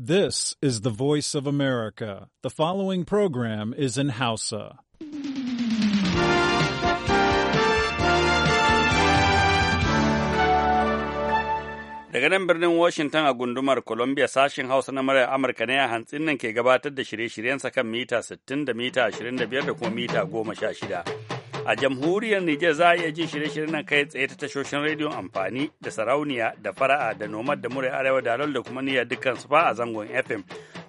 This is the voice of America. The following program is in Hausa. Daga nan birnin Washington a gundumar Columbia sashen Hausa na murar Amurka ne a hantsin nan ke gabatar da shirye-shiryensa kan mita 60 da mita 25 da kuma mita 16. A jamhuriyar Nijar za a iya jin shirye-shiryen nan kai tsaye ta tashoshin rediyon amfani da sarauniya da fara'a da nomad da murai arewa da da kuma niyyar dukkan su fa a zangon FM.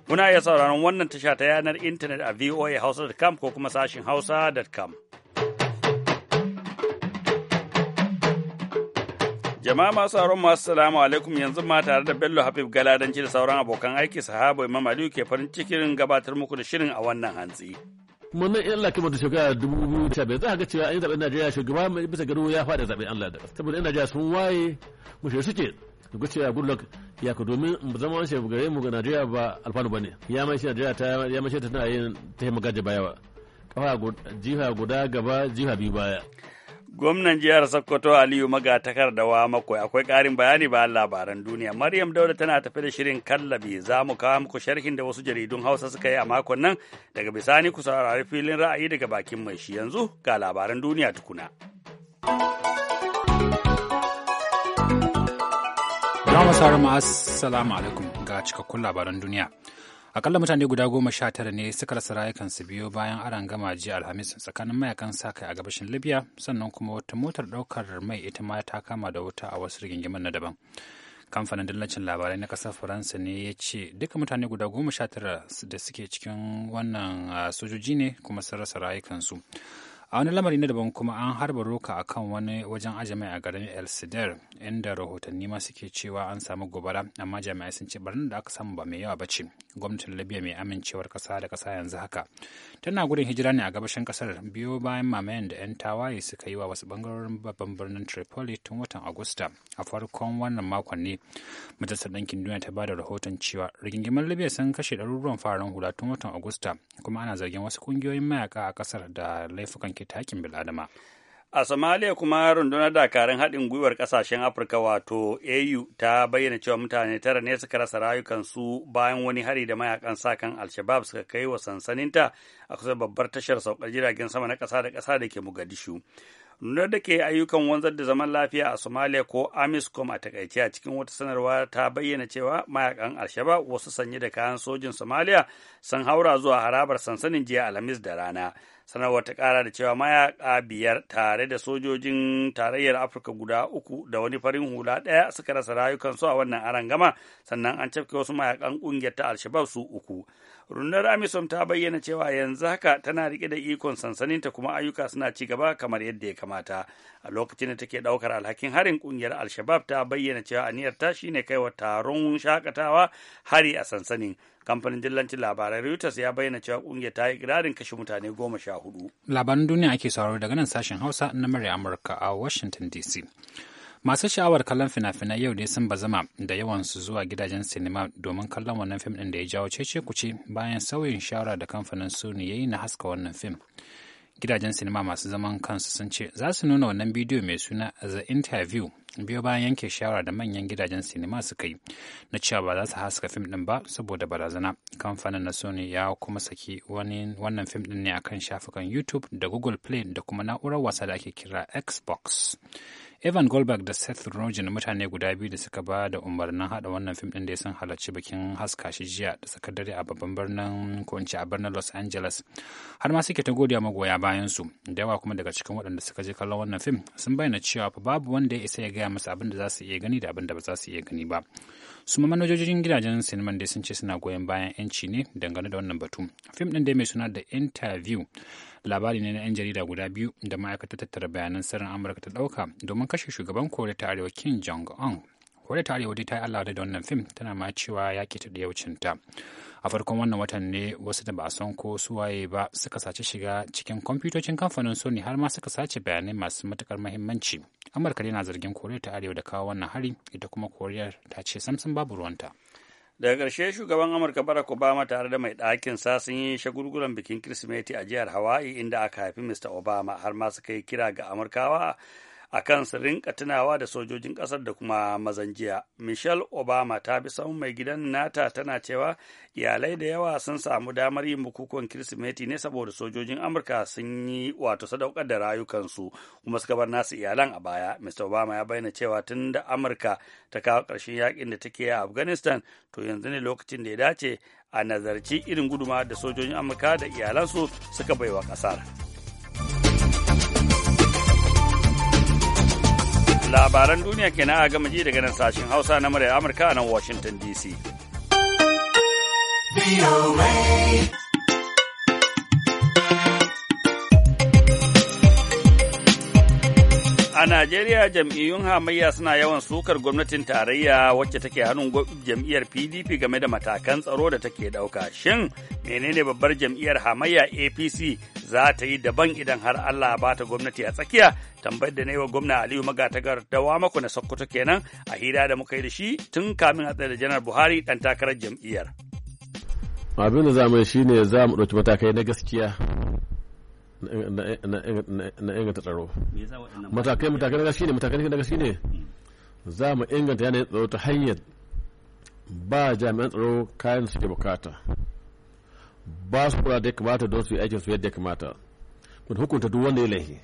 Kuna iya sauraron wannan tasha ta yanar intanet a voahausa.com ko kuma sashin hausa.com. Jama'a masu sauran masu salamu alaikum yanzu ma tare da Bello Habib Galadanci da sauran abokan aiki sahabo Imam Aliyu ke farin cikin gabatar muku da shirin a wannan hantsi. mun nan in Allah kimanta shekara dubu biyu da biyar za a ga cewa an yi zaɓen Najeriya shugaba mai bisa gado ya faɗi zaɓen Allah da saboda yan Najeriya sun waye mushe suke da ga cewa Goodluck ya ka domin zama wani shekaru gare mu ga Najeriya ba alfanu bane ya mai shi Najeriya ta ya mai shi ta tana yin ta yi magaji baya ba kafa jiha guda gaba jiha biyu baya. Gwamnan jihar Sokoto Aliyu Magatakar da wa makwai akwai ƙarin bayani bayan labaran duniya. Maryam Dauda tana tafi da shirin kallabi za mu kawo muku sharhin da wasu jaridun Hausa suka yi a makon nan daga bisani ku saurari filin ra'ayi daga bakin mai shi yanzu ga labaran duniya tukuna. Jama'a salamu alaikum ga cikakkun labaran duniya. akalla mutane guda goma sha tara ne suka rasa rayukansu biyu bayan aron gama jiya alhamis tsakanin mayakan sa kai a gabashin libya sannan kuma wata motar daukar mai ita ma ta kama da wuta a wasu rigingimin na daban kamfanin dillacin labarai na kasar faransa ne ya ce duka mutane guda goma sha tara da suke cikin wannan ah, sojoji ne kuma sun rasa rayukansu a wani lamari na daban kuma an harba roka a kan wani wajen ajami a garin el sider inda rahotanni ma suke cewa an samu gobara amma jami'ai sun ce barin da aka samu ba mai yawa ba ce gwamnatin libya mai amincewar kasa da kasa yanzu haka tana gudun hijira ne a gabashin kasar biyo bayan mamayen da 'yan tawaye suka yi wa wasu bangarorin babban birnin tripoli tun watan agusta a farkon wannan makon ne majalisar ɗinkin duniya ta ba da rahoton cewa rigingimar libya sun kashe ɗaruruwan fararen hula tun watan agusta kuma ana zargin wasu ƙungiyoyin mayaka a kasar da laifukan takin bil'adama. A Somalia kuma rundunar dakarun haɗin gwiwar ƙasashen Afirka wato AU ta bayyana cewa mutane tara ne suka rasa rayukansu bayan wani hari da mayakan sakan Al-Shabaab suka kai wa sansaninta a kusa babbar tashar saukar jiragen sama na ƙasa da ƙasa da ke Mogadishu. Rundunar da ke ayyukan wanzar da zaman lafiya a Somalia ko Amiscom a takaice a cikin wata sanarwa ta bayyana cewa mayakan Alshaba wasu sanye da kayan sojin Somalia sun haura zuwa harabar sansanin jiya Alhamis da rana. Sanarwar ta kara da cewa mayaka biyar tare da sojojin tarayyar Afirka guda uku da wani farin hula ɗaya suka rasa rayukansu a wannan arangama sannan an cafke wasu mayakan ƙungiyar ta Alshabab su uku. rundunar amisom ta bayyana cewa yanzu haka tana rike da ikon sansaninta kuma ayyuka suna ci gaba kamar yadda ya kamata a lokacin da take daukar alhakin harin kungiyar alshabab ta bayyana cewa aniyar ta shine kaiwa taron shakatawa hari a sansanin kamfanin dillancin labarai reuters ya bayyana cewa kungiyar ta yi ikirarin kashe mutane goma sha hudu labaran duniya ake sauraro daga nan sashen hausa na murya amurka a washington dc Masu sha'awar kallon fina-finai yau dai sun bazama da yawansu zuwa gidajen sinima domin kallon wannan fim ɗin da ya jawo cece kuce bayan sauyin shawara da kamfanin Sony ya yi na haska wannan fim. Gidajen sinima masu zaman kansu sun ce za su nuna wannan bidiyo mai suna The Interview biyo bayan yanke shawara da manyan gidajen sinima suka yi na cewa ba za su haska fim ɗin ba saboda barazana. Kamfanin na Sony ya kuma saki wannan fim ɗin ne akan shafukan YouTube da Google Play da kuma na'urar wasa da ake kira Xbox. Evan Goldberg da Seth Rogen mutane guda biyu da suka ba da umarnin haɗa wannan fim din da ya sun halarci bikin haska shi jiya da suka dare a babban birnin ko a birnin Los Angeles. Har ma suke ta godiya magoya bayan su. Da yawa kuma daga cikin waɗanda suka je kallon wannan fim sun bayyana cewa fa babu wanda ya isa ya gaya masa abin da za su iya gani da abin da ba za su iya gani ba. Su ma manojojin gidajen siniman dai sun ce suna goyon bayan 'yanci ne dangane da wannan batu. Fim ɗin dai mai suna da Interview labari ne na 'yan jarida guda biyu da ma'aikatar tattara bayanan sirrin amurka ta ɗauka domin kashe shugaban koriya ta arewa kim jong un koriya ta arewa dai ta yi allah da wannan fim tana ma cewa ya ke ta ta a farkon wannan watan ne wasu da ba a san ko suwaye ba suka sace shiga cikin kwamfutocin kamfanin sony har ma suka sace bayanai masu matukar mahimmanci amurka dai na zargin koriya ta arewa da kawo wannan hari ita kuma koriya ta ce samsun babu ruwanta daga ƙarshe shugaban amurka barack obama tare da mai ɗakin sa sun yi shagulgulan bikin kirsimeti a jihar hawaii inda aka haifi mr obama har ma suka yi kira ga amurkawa a kan su rinka tunawa da sojojin ƙasar da kuma mazanjiya Michelle Obama ta bi sahun mai gidan nata tana cewa iyalai da yawa sun samu damar yin bukukuwan Kirsimeti ne saboda sojojin Amurka sun yi wato sadaukar da rayukansu kuma suka bar nasu iyalan a baya. Mr. Obama ya bayyana cewa tun da Amurka ta kawo ƙarshen yakin da take a Afghanistan to yanzu ne lokacin da ya dace a nazarci irin guduma da sojojin Amurka da iyalansu suka baiwa ƙasar. labaran duniya kenan a gama ji daga nan sashen hausa na murya amurka a nan washington dc A Najeriya jam'iyyun hamayya suna yawan sukar gwamnatin tarayya wacce take hannun jam'iyyar PDP game da matakan tsaro da take ɗauka. Shin menene babbar jam'iyyar hamayya APC za ta yi daban idan har Allah ba ta gwamnati a tsakiya? Tambayar da na yi wa gwamna Aliyu Magatagar dawa maku na Sokoto kenan a hira da muka yi da shi tun kamin a da Janar Buhari ɗan takarar jam'iyyar. Abin da za mu yi shine za mu ɗauki matakai na gaskiya na inganta tsaro matakai matakai na gaske ne matakai na gaske ne hmm. za mu inganta yanayin tsaro ta hanyar ba jami'an tsaro kayan suke bukata ba su kura da ya kamata don su yi aikin su yadda ya kamata kun hukunta duk wanda ya laifi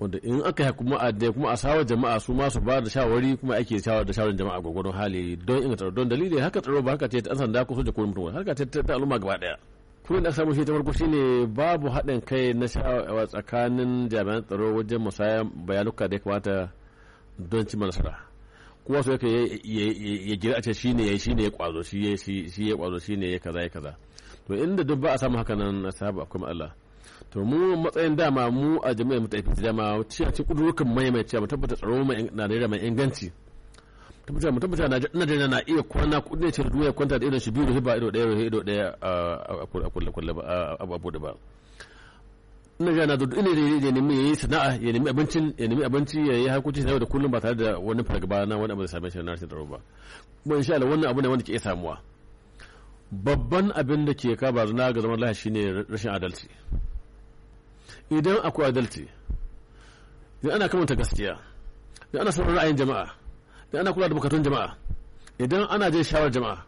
wanda in aka yi kuma a da kuma a sawa jama'a su ma su ba da shawari kuma ake shawar da shawarar jama'a gwagwaron hali don inganta tsaro don dalilin haka tsaro ba haka ce ta an sanda ko soja ko mutum haka ce ta al'umma gaba daya kuma da samu shi ta farko shine babu haɗin kai na sha'awa tsakanin jami'an tsaro wajen musaya bayanuka da ya kamata don cimma nasara kuma su yake ya gira a ce ne ya shine ya kwazo shi ya shi ya kwazo ne ya kaza ya kaza to inda duk ba a samu haka nan na sahabu akwai ma'ala to mu matsayin dama mu a jami'ar mu ta dama cewa ci kudurukan maimaita mai cewa mu tabbata tsaro mai Najeriya mai inganci tabbata mu mutum na jana na iya kwana kudin ce ruwa duniya kwanta da irin shi biyu da ba ido daya ido daya a kulle kulle ba a bude ba najeriya da zuwa ina ya nemi ya yi sana'a ya nemi abincin ya nemi abinci ya yi harkokin sana'a da kullum ba tare da wani fargaba na wani abu da same shi na rashin ba kuma insha Allah wannan abu ne wanda ke samuwa babban abin da ke ka bazuna ga zaman lafiya shine rashin adalci idan akwai adalci idan ana kamanta gaskiya idan ana son ra'ayin jama'a in ana kula da bukatun jama'a idan ana jin shawarar jama'a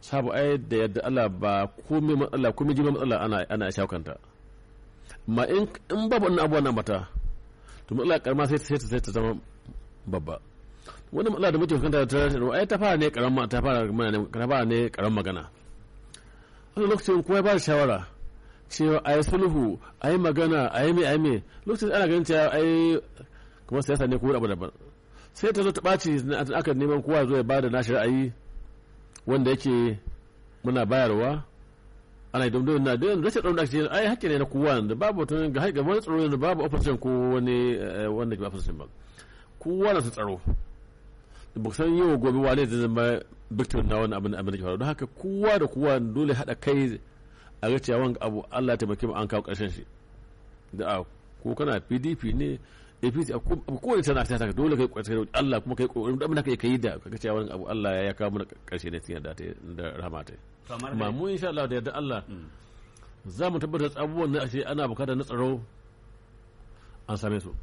sabu ai da yadda Allah ba komai matsala komai jima matsala ana ana shawakanta amma in in babu wannan abubuwan nan bata to matsala karma sai sai sai ta zama babba wannan matsala da muke kanta ta ai ta fara ne karama ta fara magana ta fara ne karam magana wannan lokacin kowa ba shawara cewa ai sulhu ai magana ai me ai me lokacin ana ganin cewa ai kuma siyasa ne ko abu daban sai ta zo ta ɓaci aka neman kowa zo ya ba da nashi ra'ayi wanda yake muna bayarwa ana yi dumdumin na don rashin tsaron da ake ai hakki ne na kowa da babu wata ga haƙƙi wani tsaro da babu ofishin ko wani eh, wanda ke ofishin ba kowa na su tsaro ba san yau gobe wane zai zama victim na wani abin abin da ke faru don haka kowa da kowa dole haɗa kai a ga cewa wani abu Allah ya taimake mu an kawo ƙarshen shi da ah, ko kana PDP ne APC a kowane sana ta saka dole kai da Allah kuma kai kokarin da muna kai kai da kaga cewa wani abu Allah ya kawo mana karshe ne cikin da ta da rahama ta amma mu insha Allah da yadda Allah mm. za mu tabbatar abubuwan na ashe ana bukatar na tsaro an same su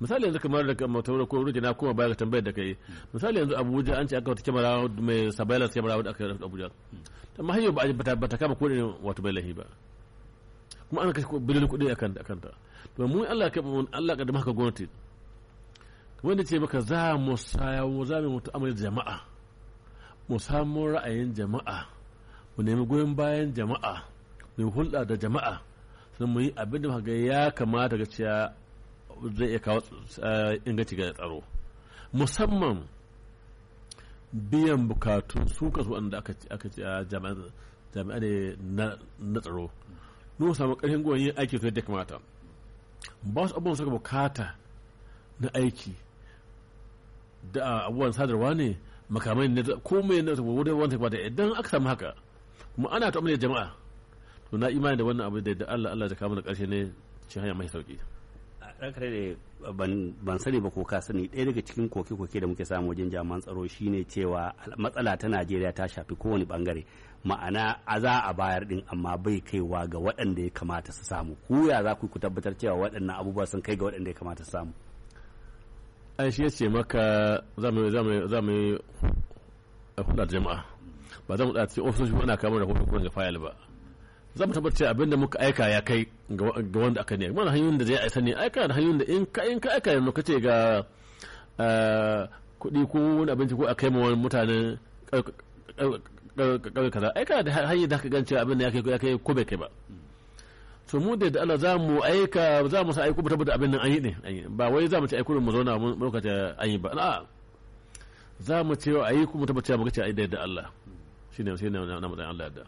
misali yanzu kamar da mataura ko ruje na kuma baya tambayar da kai misali yanzu abuja an ce aka wata kyamara mai surveillance kyamara wadda aka yi abuja mm. ta mahayyo ba ta kama kodin wato bai lahi ba kuma ana kashe biliyoyin kudi a kanta to mu Allah ka mun Allah ka maka gwamnati wanda ce maka za mu mu za mu mutu amalin jama'a mu samu ra'ayin jama'a mu nemi goyon bayan jama'a mu hulɗa da jama'a sai mu yi abin da ga ya kamata ga cewa zai iya kawo eh, inganci ga tsaro musamman biyan bukatun su kasu wanda aka ce ah, jami'a ne na tsaro mu samu ƙarfin goyon yin aiki su yadda kamata ba su abubuwan suka bukata na aiki da ah, abubuwan sadarwa ne makamai ne mai ne wadda wanda ba da idan aka samu haka kuma ana ta amina jama'a to na imani da wannan abu da Allah Allah ya kama mana karshe ne cin hanya mai sauki kare da ban sani ba ko ka sani ɗaya daga cikin koke-koke da muke samu wajen jami'an tsaro shine cewa matsala ta najeriya ta shafi kowane bangare ma'ana a za a bayar din amma bai kaiwa ga waɗanda ya kamata su samu ku ya za ku ku tabbatar cewa waɗannan abubuwa sun kai ga waɗanda ya kamata su samu an shi ce maka za mu yi hulɗar jama'a ba za mu da ce ofisoshi ana kama da hoto kuma ga fayil ba za mu tabbatar abinda muka aika ya kai ga wanda aka ne mana hanyoyin da zai aika ne aika da hanyoyin da in ka in ka aika yanzu ce ga eh, kuɗi ko wani abinci ko a kai ma wani mutanen ƙauye kaza ai kana da hanyar da ka gan cewa abin da ya kai ko bai kai ba to mu da Allah za mu aika za mu sa aiko mu tabbata abin nan an yi ne ba wai za mu ce aiko mu zauna mu lokacin an yi ba a'a za mu ce aiko mu tabbata mu ga ce ai da Allah shine shine na matsayin Allah da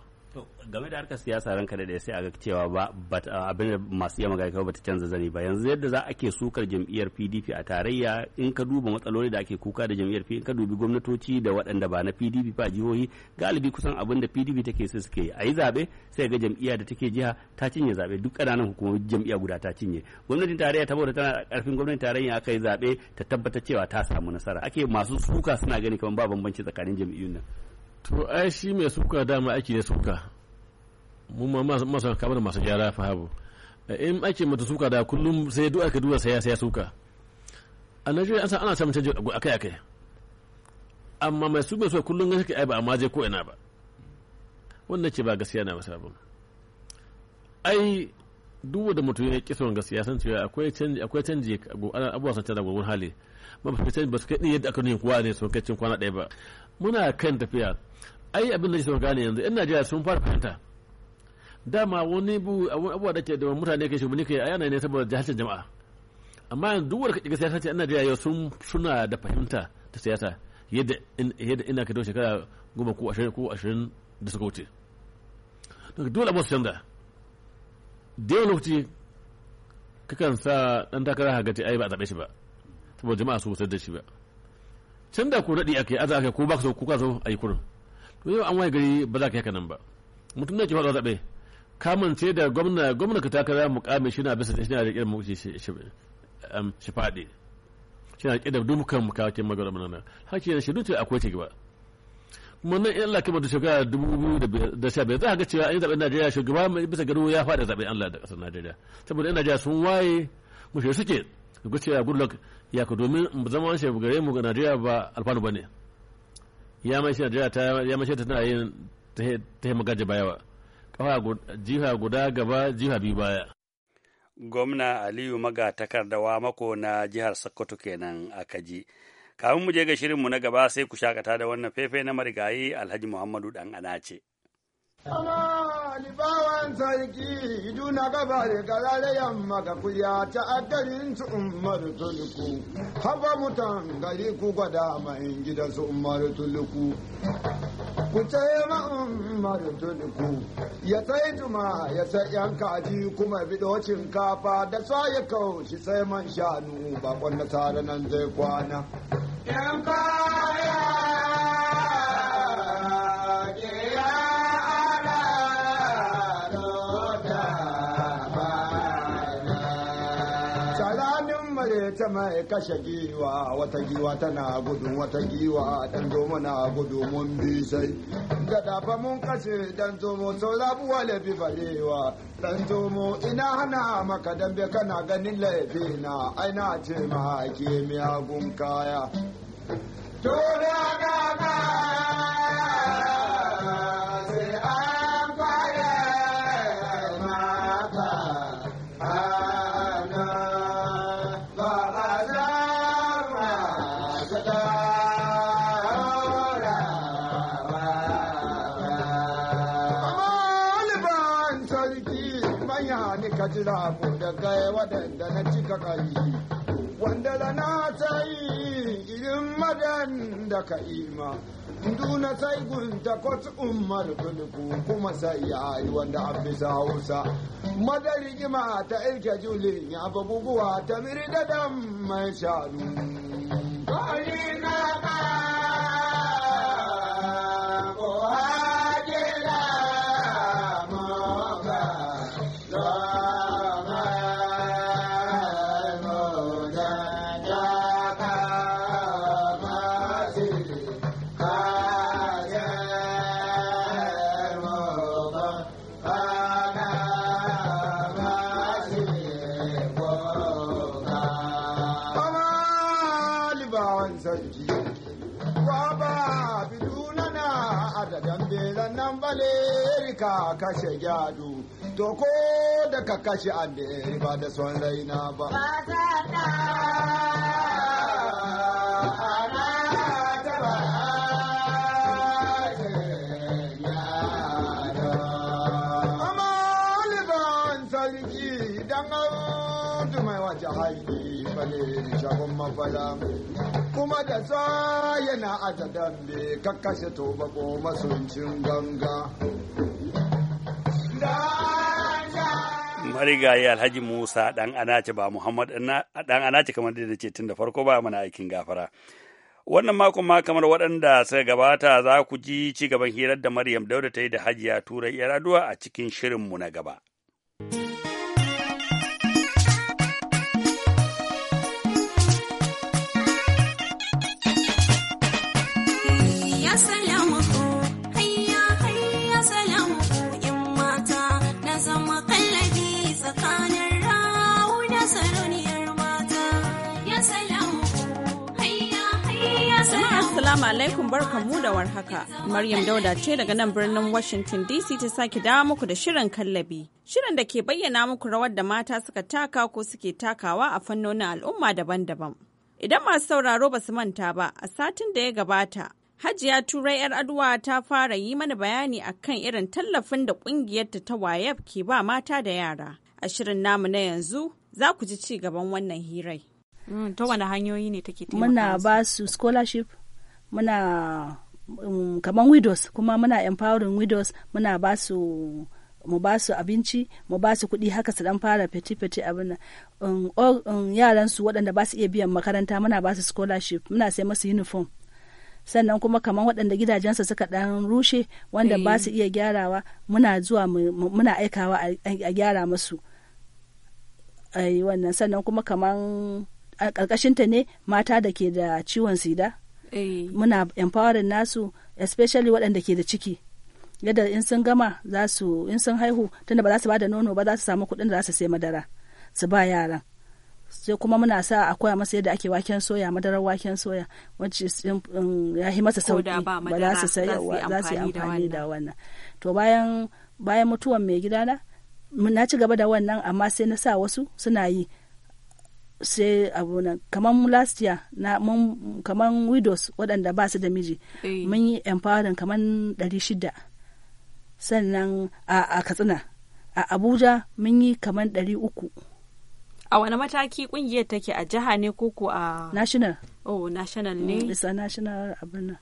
game da harkar siyasa ranka da sai a ga cewa ba abin da masu iya magana kawai bata canza zani ba yanzu yadda za a ke sukar jam'iyyar PDP a tarayya in ka duba matsaloli da ake kuka da jam'iyyar PDP ka dubi gwamnatoci da waɗanda ba na PDP ba jihohi galibi kusan abin da PDP take sai suke a yi zaɓe sai ga jam'iyya da take jiha ta cinye zaɓe duk ƙananan hukumomi jam'iyya guda ta cinye gwamnatin tarayya ta bauta tana ƙarfin gwamnatin tarayya aka yi zaɓe ta tabbatar cewa ta samu nasara ake masu suka suna gani kamar ba bambanci tsakanin jam'iyyun nan to ai shi mai suka dama ake ne suka mu ma masu kamar masu gyara fa habu in ake mata suka da kullum sai duk aka duwa sai ya suka a najeriya an san ana samun canji akai akai amma mai su mai suka kullum shi ai ba amma je ko ina ba wannan ce ba gaskiya na masa ba ai duk da mutum ya kisa gaskiya san cewa akwai canji akwai canji abubuwa san canza gwagwun hali ba su canji ba su kai yadda aka nuna kowa ne sun kai cin kwana ɗaya ba muna kan tafiya ai abin da ke ne yanzu yan najeriya sun fara fahimta dama wani abubuwa da ke da mutane ke shimini ke ayana ne saboda jahilcin jama'a amma yanzu duk wanda kaɗiga siyasa ce yan najeriya yau sun suna da fahimta ta siyasa yadda ina ka shekara goma ko ashirin ko ashirin da suka wuce dole abu su canza da yawan lokaci kakan sa ɗan takara hagaci ai ba a zaɓe shi ba saboda jama'a su wutar da shi ba can da ku daɗi aka yi aza aka ko ba ka so ku ka so a yi kurin to yau an waye gari ba za ka yi haka nan ba mutum da ke faɗa zaɓe ce da gwamna gwamna ka takara mukami shi na bisa shi na da irin um, shi faɗi shi na da dukkan mukawakin magana mana hakki yana shi dutse akwai ci gaba kuma nan in Allah kamar da shekara dubu biyu da sha biyar za a ga cewa an yi zaɓen Najeriya shugaba bisa gado ya faɗi zaɓen Allah da ƙasar Najeriya saboda 'yan Najeriya sun waye mushe suke ga a goodluck ya ka domin zama wani shafi gare mu ga najeriya ba alfanu ba ne ya mai shi najeriya ta ya mai shi ta tana yin ta yi magaji baya ba kafa jiha guda gaba jiha biyu baya gwamna aliyu maga takardawa mako na jihar sokoto kenan a kaji kafin mu je ga shirinmu na gaba sai ku shakata da wannan fefe na marigayi alhaji muhammadu dan anace Amma libawan sarki iduna gaba da karare yamma ga kuya ta addarin su umar Tuluku. Haba mutan gari ku gwada mai gida su umar Tuluku. Ku tsaye ma umar Tuluku. Ya tsaye tuma ya sai yan kaji kuma bidocin kafa da sa ya kaushi sai man shanu bakon da tare nan zai kwana. Yan kaji. mai e kashe giwa wata giwa tana gudu wata giwa dan zomo na gudu mun bi sai gada dafa mun kashe dan zomo sau rabuwa bi barewa dan zomo ina hana maka dambe kana ganin laifi na aina ce ma ke agun kaya. Tura ga manya ni ka jira ko da kai waɗanda na cika kai wanda la na ta irin madan da ka ima duna sai gunta kot ummar ku kuma sai ya yi wanda an bisa hausa madari gima ta irke juli ya babuguwa ta miri da dam mai shanu. sannan balerika kashe gyadu to ko da ka kashe ande ba da son raina ba Sarki dan mai wace haiti bale shagon mafala kuma da sa yana a ta dambe kuma sun masuncin ganga marigayi alhaji musa dan anace ba muhammad dan anace kamar da ce tun da farko ba mana aikin gafara wannan makon ma kamar waɗanda suka gabata za ku ji ci gaban hirar da maryam dauda ta yi da hajiya turai yaraduwa a cikin shirinmu na gaba. Assalamu alaikum barkamu da warhaka. Maryam Dauda ce daga nan birnin Washington DC ta sake dawo muku da shirin kallabi. Shirin da ke bayyana muku rawar da mata suka taka ko suke takawa a fannonin al'umma daban-daban. Idan masu sauraro ba su manta ba, a satin da ya gabata Hajiya Turai 'yar aduwa ta fara yi mana bayani a kan irin tallafin da ƙungiyarta ta wayaf ke ba mata da yara. A shirin namu na yanzu za ku ji ci gaban wannan hirai. Mm, ta wani hanyoyi ne take taimaka Muna ba su scholarship, muna um, kaman widows kuma muna empowering widows muna ba su mu ba su abinci mu ba su kuɗi haka su dan fara feti-feti abin um, um, yaran su waɗanda ba su iya biyan makaranta muna ba su scholarship muna sai masu uniform sannan kuma kamar waɗanda gidajensa suka ɗan rushe wanda ba su eh. iya gyarawa muna zuwa muna aikawa a gyara musu wannan sannan kuma kamar ƙarƙashinta ne mata da ke da ciwon sida eh. muna empowering nasu especially waɗanda ke da ciki yadda in sun gama za su in sun haihu tunda ba za su ba da nono ba za su samu kuɗin da za su sai madara su ba yaran sai kuma muna sa a koya masa yadda ake waken soya madarar waken soya wacce um, ya yi masa sauki ba za su sai za su yi amfani da wannan to bayan bayan mutuwan mai gidana na ci gaba da wannan amma sai na sa wasu suna yi sai abu nan kamar last year na mun kamar widows waɗanda ba su da miji eh. mun yi empowering kamar ɗari shida sannan a katsina a abuja mun yi kamar ɗari uku a wani mataki kungiyar take a jiha ne ko ko a national oh national ne mm, isa national abin nan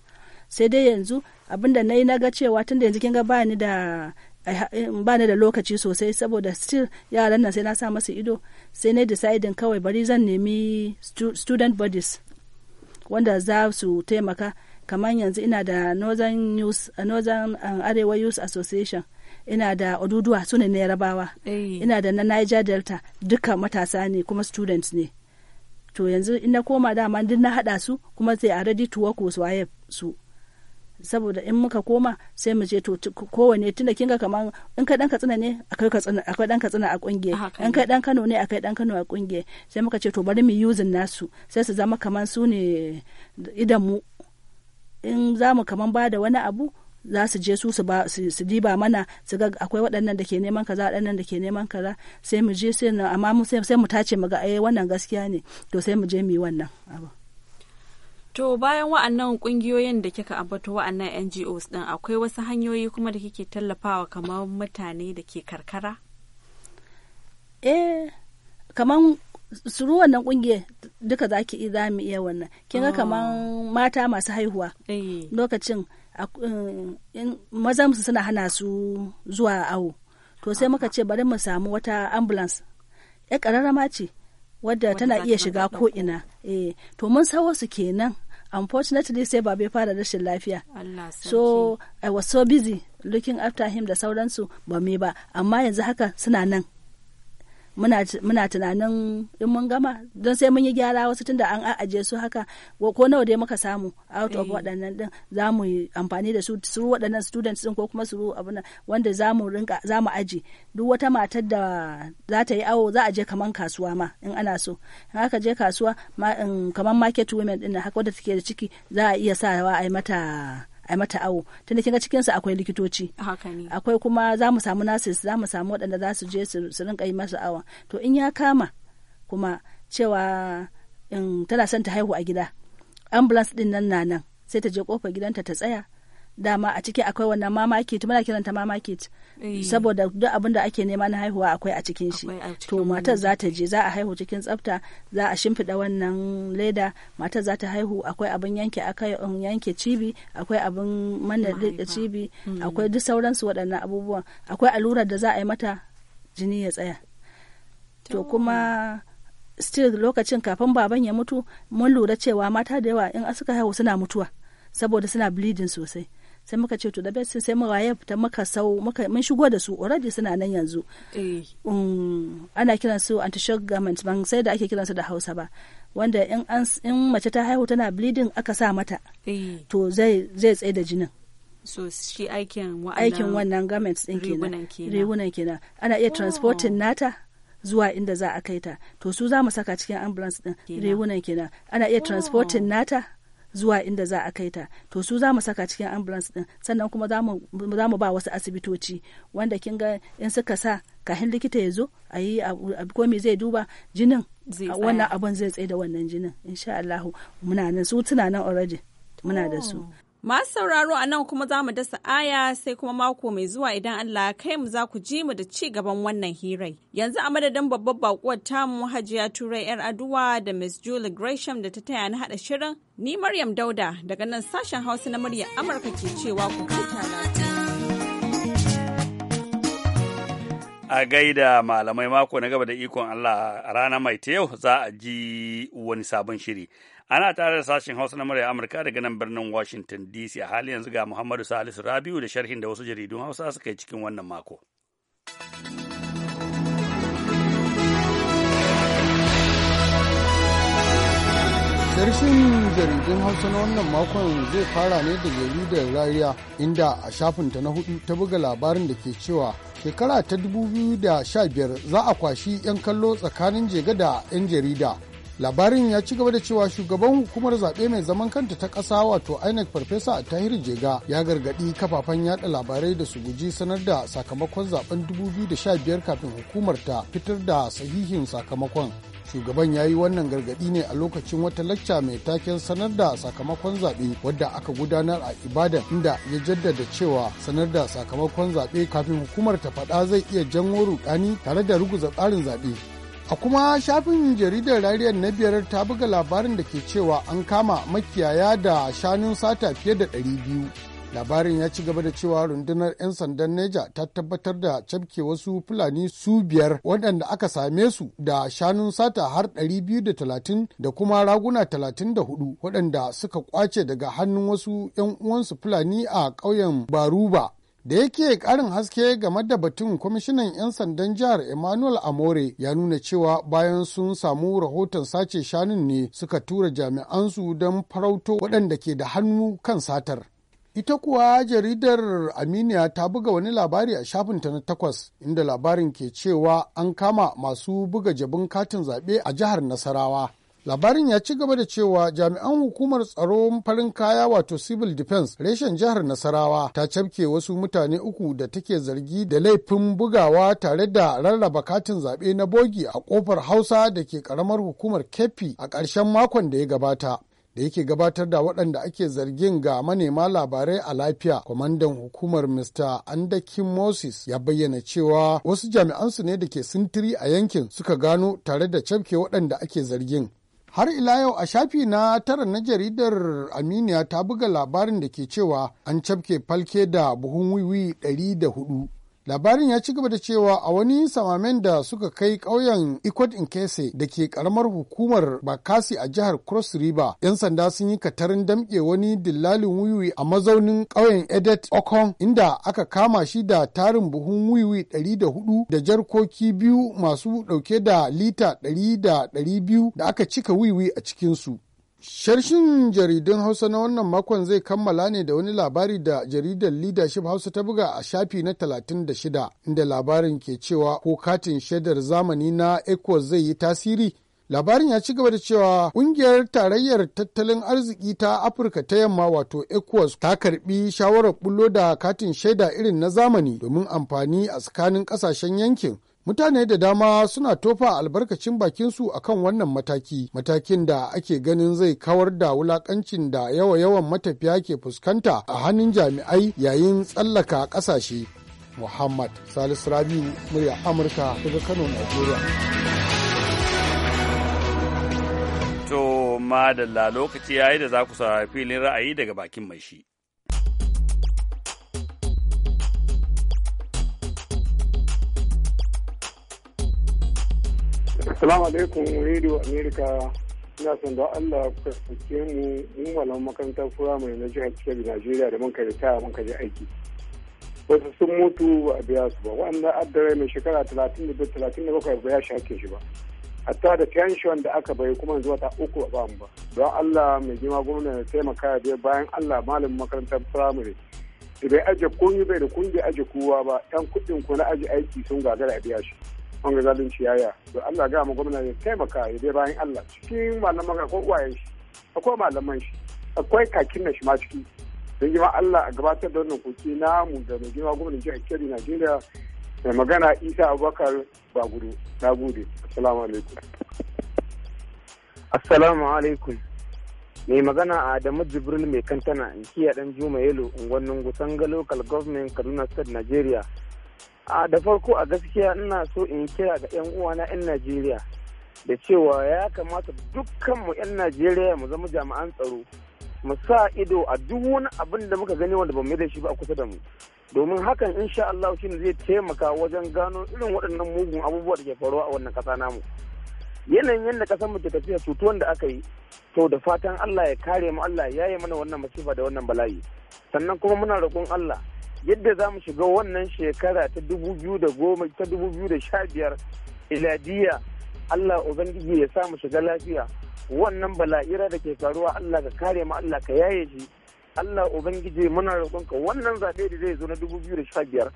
sai dai yanzu abin da na yi naga cewa tunda yanzu kin ga ba ni da eh, eh, ba ni da lokaci sosai saboda still yaran nan sai na sa masu ido sai na deciding kawai bari zan nemi student bodies wanda za su taimaka kamar yanzu ina da northern news northern eh, arewa youth association ina da oduduwa su ne na yarabawa eh. ina da na niger delta duka matasa ne kuma student ne to yanzu in na koma dama duk na hada su kuma sai a ready to work with waye su saboda in muka koma sai mu je to kowane tunda kinga kamar in ka dan katsina ne akwai katsina akwai dan katsina a kungiye in kai dan Kano ne akwai dan Kano a kungiye sai muka ce to bari mu using nasu sai su zama kamar su ne idan mu in zamu kaman kamar ba da wani abu za su je su su diba mana su ga akwai waɗannan da ke neman kaza waɗannan da ke neman kaza sai mu je sai amma mu sai mu tace mu ga eh wannan gaskiya ne to sai mu je mu yi wannan abu to bayan wa'annan kungiyoyin da kika ambato wa'annan NGOs din akwai wasu hanyoyi kuma da kike tallafawa kamar mutane da ke karkara eh kamar suru wannan kungiye duka zaki iya wannan kin ga ah. mata masu haihuwa eh. lokacin Eh, maza suna hana su zuwa awo to sai muka ce bari mu samu wata ambulance ya eh, kararrama ce wadda tana iya shiga ko ina eh to mun sawo su kenan unfortunately sai ba bai fara rashin lafiya so i was so busy looking after him da sauransu ba me ba amma yanzu haka suna nan muna tunanin in mun gama don sai mun yi gyara wasu tunda an ajiye su haka ko nawa dai muka samu out of eh. waɗannan din za mu yi amfani da su su waɗannan students din ko kuma su abin wanda za mu rinka za mu aji duk wata matar da za ta yi awo za a je kaman kasuwa ma in ana so in aka je kasuwa kamar market women din haka wadda take da ciki za a iya sawa a yi mata a mata awo tunda kinga ga cikin su akwai likitoci akwai kuma za mu samu nurses za mu samu waɗanda za su je su rinka yi masa awa to in ya kama kuma cewa in tana son ta haihu a gida ambulance din nan na nan sai ta je kofar gidanta ta tsaya dama a ciki akwai wannan mama kit muna kiranta mama kit eh. saboda duk abin da ake nema na haihuwa akwai a cikin shi to matar za ta je za a haihu cikin tsafta za a shimfiɗa wannan leda matar za ta haihu akwai abin yanke akai um, yanke cibi akwai abin manna cibi hmm. akwai duk sauransu waɗannan abubuwan akwai allurar da za a yi mata jini ya tsaya to kuma still lokacin kafin baban ya mutu mun lura cewa mata da yawa in suka haihu suna mutuwa saboda suna bleeding sosai sai muka ce to da best sai muka waye fita muka sau muka mun shigo da su already suna nan yanzu eh. um, ana kiran su anti shock garment ban sai da ake kiran su da Hausa ba wanda in an in mace ta haihu tana bleeding aka sa mata eh. to zai zai tsaye da jinin so shi aikin aikin wannan garments din kenan rigunan kenan ana iya transporting oh. nata zuwa inda za a kai ta to su za mu saka cikin ambulance din rigunan kenan ana iya transporting oh. nata zuwa inda za a kai ta to su za mu saka cikin ambulance din sannan kuma za mu ba wasu asibitoci wanda kin ga in suka sa kahin likita ya zo a yi ko zai duba jinin wannan abun zai tsaye da wannan jinin insha Allah muna nan su tunanan already muna da su oh. Masu sauraro a nan kuma za mu dasa aya sai kuma mako mai zuwa idan Allah kai mu za ku ji mu da ci gaban wannan hirai. Yanzu a madadin babbar bakuwar tamu Hajiya Turai 'yar aduwa da Miss Julie Gresham da ta taya na haɗa shirin, ni Maryam Dauda daga nan sashen Hausa na murya Amurka ke cewa ku huta A gaida malamai mako na gaba da ikon Allah a rana mai ta yau za a ji wani sabon shiri. Ana tare da sashen Hausa na murya Amurka daga nan birnin Washington DC a hali yanzu ga Muhammadu Salisu Rabiu da sharhin da wasu jaridun Hausa suka yi cikin wannan mako. Sarshin jaridun Hausa na wannan makon zai fara ne da jaridar rariya inda a shafinta na hudu ta buga labarin da ke cewa shekara ta 2015 za a kwashi 'yan kallo tsakanin jega da 'yan jarida labarin ya ci gaba da cewa shugaban hukumar zaɓe mai zaman kanta ta ƙasa wato inec farfesa tahir jega ya gargaɗi kafafen yada labarai da su guji sanar da sakamakon zaben 2015 kafin hukumar ta fitar da sahihin sakamakon shugaban ya yi wannan gargaɗi ne a lokacin wata lacca mai taken sanar da sakamakon zaɓe wadda aka gudanar a ibadan inda ya jaddada cewa sanar da sakamakon zaɓe kafin hukumar ta faɗa zai iya janwo rudani tare da ruguza tsarin zaɓe A kuma shafin jaridar rariyar na biyar ta buga labarin da ke cewa an kama makiyaya da shanun sata fiye da ɗari biyu, Labarin ya ci gaba da cewa rundunar 'yan sandan Neja ta tabbatar da cafke wasu Fulani su biyar waɗanda aka same su da shanun sata har 230 da kuma raguna 34 waɗanda suka kwace daga hannun wasu 'yan uwansu Fulani a ƙauyen Baruba da yake karin haske game da batun kwamishinan 'yan sandan jihar emmanuel amore ya nuna cewa bayan sun samu rahoton sace shanun ne suka tura jami'ansu don farauto waɗanda ke da hannu kan satar ita kuwa jaridar aminiya ta buga wani labari a shafinta na takwas inda labarin ke cewa an kama masu buga jabin katin zaɓe a jihar nasarawa labarin ya ci gaba da cewa jami'an hukumar tsaron farin kaya wato civil defense reshen jihar nasarawa ta cafke wasu mutane uku da take zargi da laifin bugawa tare da rarraba katin zaɓe na bogi a ƙofar hausa da ke karamar hukumar kefi a ƙarshen makon da ya gabata da yake gabatar da waɗanda ake zargin ga manema labarai a lafiya kwamandan hukumar mr andakin moses ya bayyana cewa wasu jami'ansu ne da ke sintiri a yankin suka gano tare da cafke waɗanda ake zargin Har ila yau a shafi na tara na jaridar Aminiya ta buga labarin da ke cewa an cafke falke da buhun wiwi 104 Labarin ya ci gaba da cewa a wani samamen da suka kai ƙauyen Ikot Inkese da ke ƙaramar hukumar Bakasi a jihar Cross River, 'yan sanda sun yi katarin damƙe wani dillalin wiwi a mazaunin ƙauyen Edet Okon inda aka kama shi da tarin buhun wiwi 104 da jarkoki biyu masu ɗauke da lita 100 da 200 da aka cika wiwi a cikinsu. Sharshin jaridun Hausa na wannan makon zai kammala ne da wani labari da jaridar Leadership Hausa ta buga a shafi na 36 inda labarin ke cewa ko katin shaidar zamani na ECOWAS zai yi tasiri. Labarin ya ci gaba da cewa ƙungiyar tarayyar tattalin arziki ta Afirka ta yamma wato ECOWAS ta karbi shawarar bullo da katin shaida irin na zamani domin amfani a tsakanin ƙasashen yankin. mutane da dama suna tofa albarkacin bakinsu a kan wannan mataki matakin da ake ganin zai kawar da wulakancin da yawa-yawan matafiya ke fuskanta a hannun jami'ai yayin tsallaka ƙasashe muhammad salisu rabiu murya amurka daga kano nigeria to madalla lokaci yayi da za ku saurari filin ra'ayi daga bakin mai shi Assalamu alaikum Radio America. Ina son da Allah ku kasance mu mun walan makarantar firamare na jihar Kebbi Najeriya da mun kai ta mun kai aiki. Wasu sun mutu a biya su ba. Wanda addare mai shekara 35 37 ba ya shake shi ba. Hatta da pension da aka bai kuma zuwa ta uku ba mu ba. Don Allah mai girma gwamna ya taimaka ya bayan Allah malamin makarantar firamare. Da bai aje komi bai da kun ajiye kowa ba. Yan kuɗin ku na ajiye aiki sun gagara a biya shi. wanga zalin ciyaya to Allah ga mu gwamna ya taimaka ya dai bayan Allah cikin malaman akwai uwayen shi akwai malaman shi akwai kakin na shi ma ciki don gima Allah a gabatar da wannan koki namu da mai gima gwamnati jihar Kebbi Najeriya mai magana Isa Abubakar Baguru na gode assalamu alaikum assalamu alaikum mai magana Adamu Jibril mai kantana inkiya dan Juma Yelo ungwannin Gusangalo Local Government Kaduna State Nigeria a da farko a gaskiya ina so in kira ga 'yan uwana 'yan najeriya da cewa ya kamata dukkanmu 'yan najeriya mu zama jami'an tsaro mu sa ido a duk wani abin da muka gani wanda ba mu da shi ba a kusa da mu domin hakan insha Allah shi zai taimaka wajen gano irin waɗannan mugun abubuwa da ke faruwa a wannan ƙasa namu yanayin yadda ƙasar mu ke tafiya cutuwan da aka yi to da fatan Allah ya kare mu Allah ya yi mana wannan masifa da wannan bala'i sannan kuma muna roƙon Allah yadda za mu shiga wannan shekara ta goma ta biyar iladiya Allah Ubangiji ya sa mu shiga lafiya wannan bala'ira da ke faruwa Allah ka kare mu Allah ka yaye shi Allah Ubangiji muna roƙonka wannan zaɓe da zai zo na biyar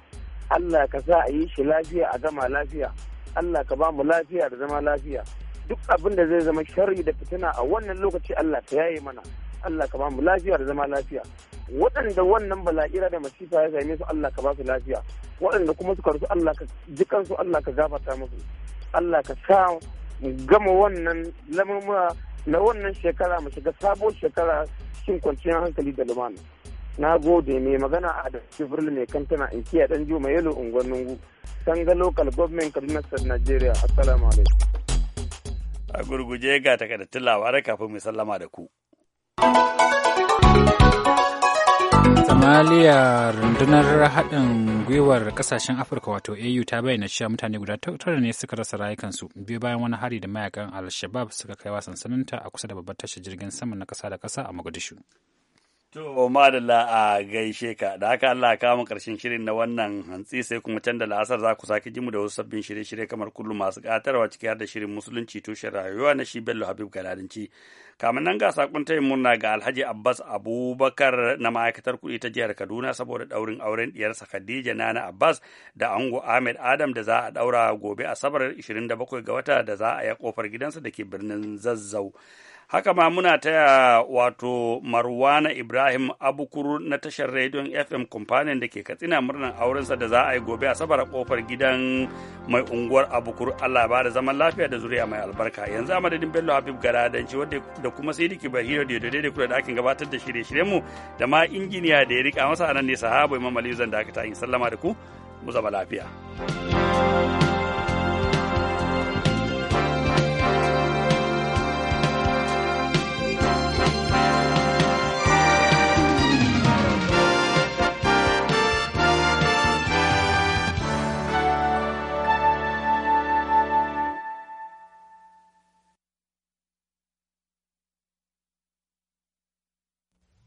Allah ka sa a yi shi lafiya a gama lafiya Allah ka ba mu lafiya da zama lafiya duk abin da zai zama sharri da fitina a wannan lokaci Allah ka yaye mana Allah ka ba mu lafiya da zama lafiya waɗanda wannan bala'ira da masifa ya same su Allah ka ba su lafiya waɗanda kuma suka rasu Allah ka ji kansu Allah ka gafarta musu Allah ka sa gama wannan lamurmura na wannan shekara mu shiga sabon shekara cikin kwanciyar hankali da lumana na gode mai magana a da jibril mai kantana in kiya dan juma yalo unguwar nungu sanga local government kaduna state nigeria assalamu alaikum a gurguje ga takardattun labarai kafin mu sallama da ku samaliya rundunar haɗin gwiwar ƙasashen afirka wato au ta bayyana cewa mutane guda tara ne suka rasa rayukansu biyu bayan wani hari da mayakan al-shabab suka kai wa sansaninta a kusa da babbar tashar jirgin sama na ƙasa da ƙasa a mogadishu To, madalla a gaishe ka, da haka Allah ka mu karshen shirin na wannan hantsi sai kuma can da la'asar za ku sake jimu da wasu sabbin shirye-shirye kamar kullum masu ƙatarwa ciki har da shirin musulunci tushen rayuwa na shi Bello Habib Galadinci. kamin nan ga sakon tayin murna ga alhaji abbas abubakar na ma'aikatar kuɗi ta jihar kaduna saboda ɗaurin auren ɗiyarsa khadija nana abbas da ango ahmed adam da za a ɗaura gobe asabar 27 ga wata da za a yi kofar gidansa da ke birnin zazzau haka ma muna taya wato marwana ibrahim abukuru na tashar rediyon fm kumfanin da ke katsina murnar aurensa da za a yi gobe a sabar a kofar gidan mai unguwar abukuru allah ba da zaman lafiya da zuriya mai albarka yanzu a madadin bello habib garadanci wadda da kuma sai diki bahiro da daidai da kula da akin gabatar da shirye shirye mu da ma injiniya da ya rika masa anan ne sahabo imam aliyu zan da aka ta sallama da ku mu zama lafiya. thank you